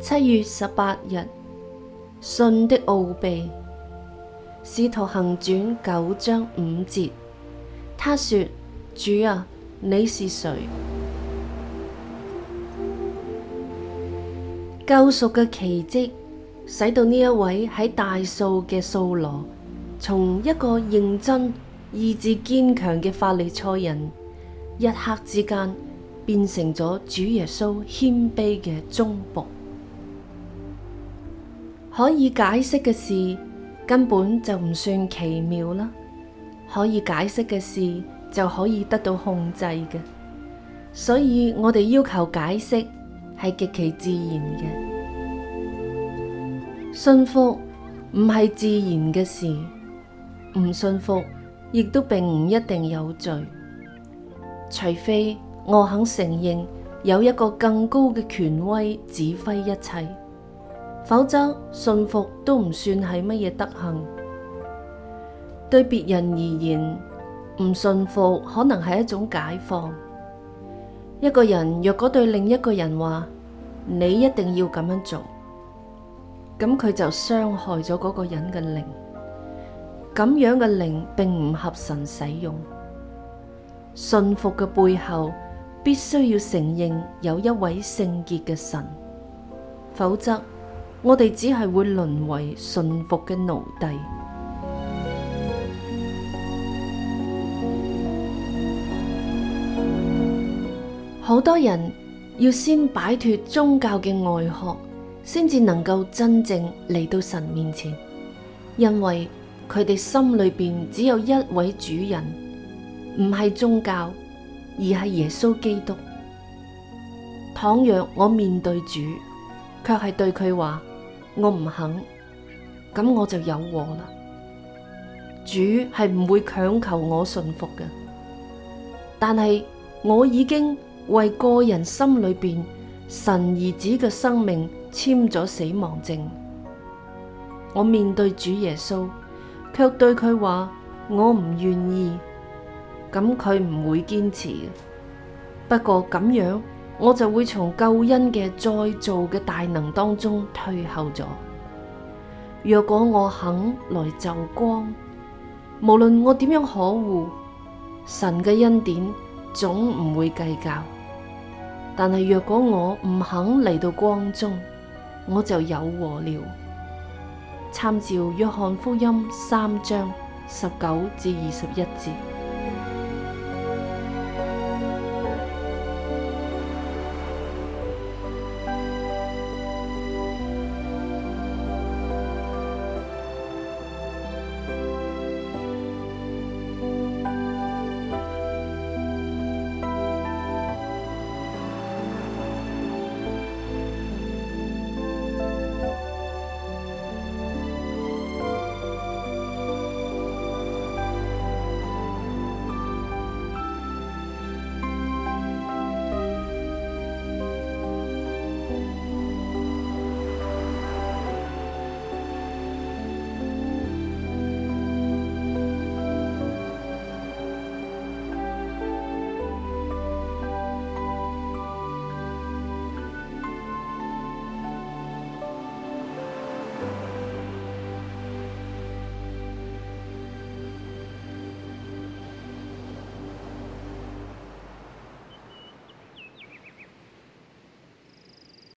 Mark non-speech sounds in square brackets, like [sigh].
七月十八日，信的奧秘，使徒行傳九章五節。他說：主啊，你是誰？ [music] 救贖嘅奇迹，使到呢一位喺大數嘅掃羅，從一個認真意志堅強嘅法利賽人，一刻之間。變成咗主耶穌謙卑嘅忠僕，可以解釋嘅事根本就唔算奇妙啦。可以解釋嘅事就可以得到控制嘅，所以我哋要求解釋係極其自然嘅。信服唔係自然嘅事，唔信服亦都並唔一定有罪，除非。我肯承認有一個更高嘅權威指揮一切，否則信服都唔算係乜嘢德行。對別人而言，唔信服可能係一種解放。一個人若果對另一個人話，你一定要咁樣做，咁佢就傷害咗嗰個人嘅靈。咁樣嘅靈並唔合神使用。信服嘅背後，必須要承認有一位聖潔嘅神，否則我哋只係會淪為信服嘅奴隸。好多人要先擺脫宗教嘅外殼，先至能夠真正嚟到神面前，因為佢哋心裏邊只有一位主人，唔係宗教，而係耶穌基督。倘若我面對主，卻係對佢話我唔肯，咁我就有禍啦。主係唔會強求我信服嘅，但係我已經為個人心裏面神兒子嘅生命簽咗死亡證。我面對主耶穌，卻對佢話我唔願意。咁佢唔會堅持嘅，不過咁樣我就會從救恩嘅、再造嘅大能當中退後咗。若果我肯來就光，無論我點樣可惡，神嘅恩典總唔會計較。但係若果我唔肯嚟到光中，我就有禍了。參照約翰福音三章十九至二十一節。